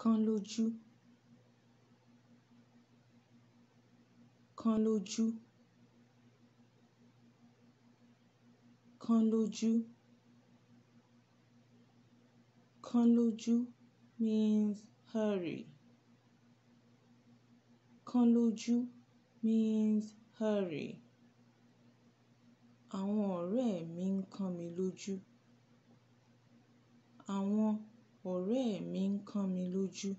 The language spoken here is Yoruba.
kán lójú kán lójú kán lójú kán lójú means hurry kán lójú means hurry àwọn ọ̀rẹ́ mi ń kán mi lójú ọ̀rẹ́ mi ń kán mi lójú